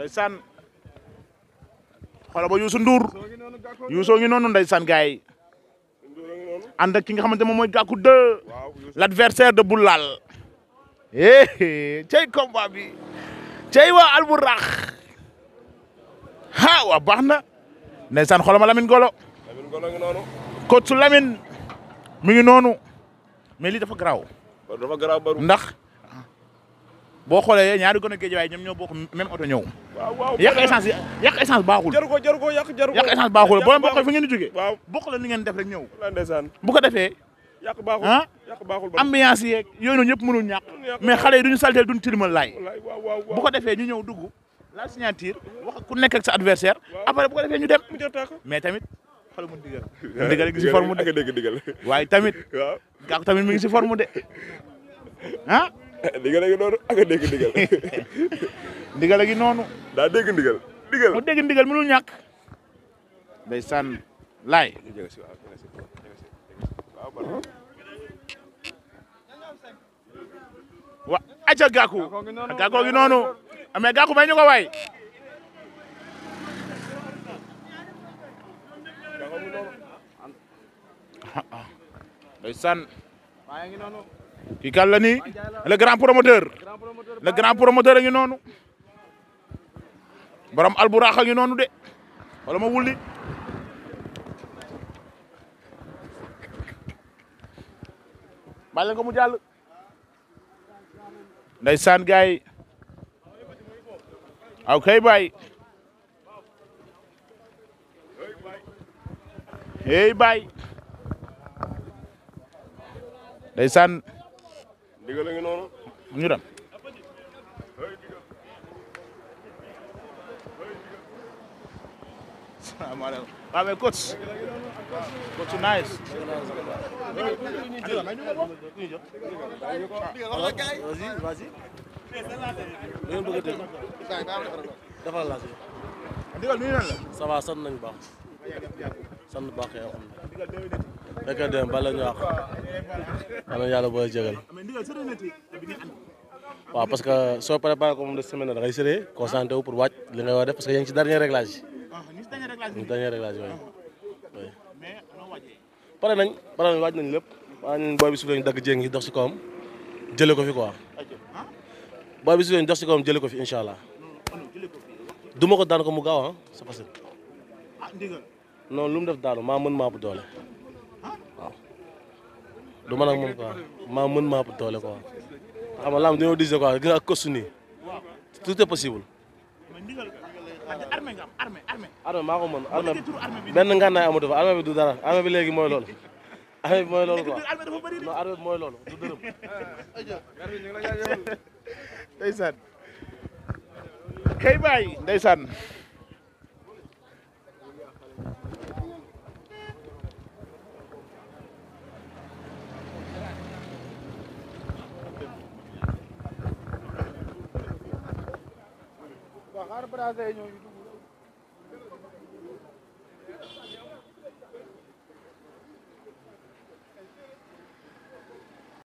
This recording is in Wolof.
ndeysaan xoolal ba Youssou Ndour Youssou ngi noonu ndeysaan gars yi ànd ak ki nga xamante moom mooy Gakou 2 l'adversaire de Boulal eh cey combat bi cey waa Alburax ha waa baax na ndeysaan xoolal ma Lamine Golo Lamine Golo ngi noonu ngi noonu mais lii dafa garaaw dafa boo xoolee ñaari gone géej waaye ñoom ñoo bokk même oto ñëw. waaw waaw yàq essence yàq essence baaxul. jaru ko jaru ko yàq essence baaxul boo leen bokkee fi ngeen di def rek ñëw. ndeysaan defee. yàq baaxul ah, yooyu noonu ñëpp mënul ñàkk. mais xale yi duñu saltel duñu tilimal laay. bu ko defee ñu ñëw dugg la signature wax ku nekk ak sa adversaire. après bu ko defee ñu dem. mais tamit xale mu digal. digal ngi si forme de. waaye tamit. waaw tamit mi ngi si de ah ndigal a ngi noonu ak a dégg ndigal. ndigal a ngi noonu. daa dégg ndigal ndigal. mu dégg ndigal mënul ñàkk. day wa aca gàkku gàkku gi noonu mais gàkku may ñu ko kii kan la nii le grand promoteur le grand promoteur a ngi noonu borom alburax a ngi noonu de wala ma la ko mu jàll ndeysaan gaay aw kay baay digal a ngi noonu ñu dem salaamaaleykum waaw mais coach coach nice vas-y vas-y ngeen bëgg a dégg defal laa si digal nuyu nan la ça va sant nañu baax sant baax yow am na rek dem bala ñu wax am yàlla booy jégal waaw parce que soo préparé ko de semaine da ngay sëree concentré wu pour wàcc li ngay war def parce que yaa ngi ci dernier réglage yi ñu dernier réglage yooyu pare nañ pare nañ waaj nañ lépp waa nañ booy bi suuf lañ dagg jéngi dox si kawam jëlee ko fi quoi booy bi suuf dox si kawam jëlee ko fi allah duma ko daan ko mu gaaw ah c'est non lu mu def daanu maa mën maa bu doole waaw du man ak moom quoi maa mën maa ëpp doole quoi xam nga lamb dañoo disé quoi gis nga ak costu nii tout est possible. armée nga am armée armée. armée maa ko mën armée benn ngànnaay amatu fa armée bi du dara armée bi léegi mooy loolu. armée bi mooy loolu quoi non armée bi mooy loolu du dërëm. ndeysaan. kay bàyyi ndeysaan. Agora brasa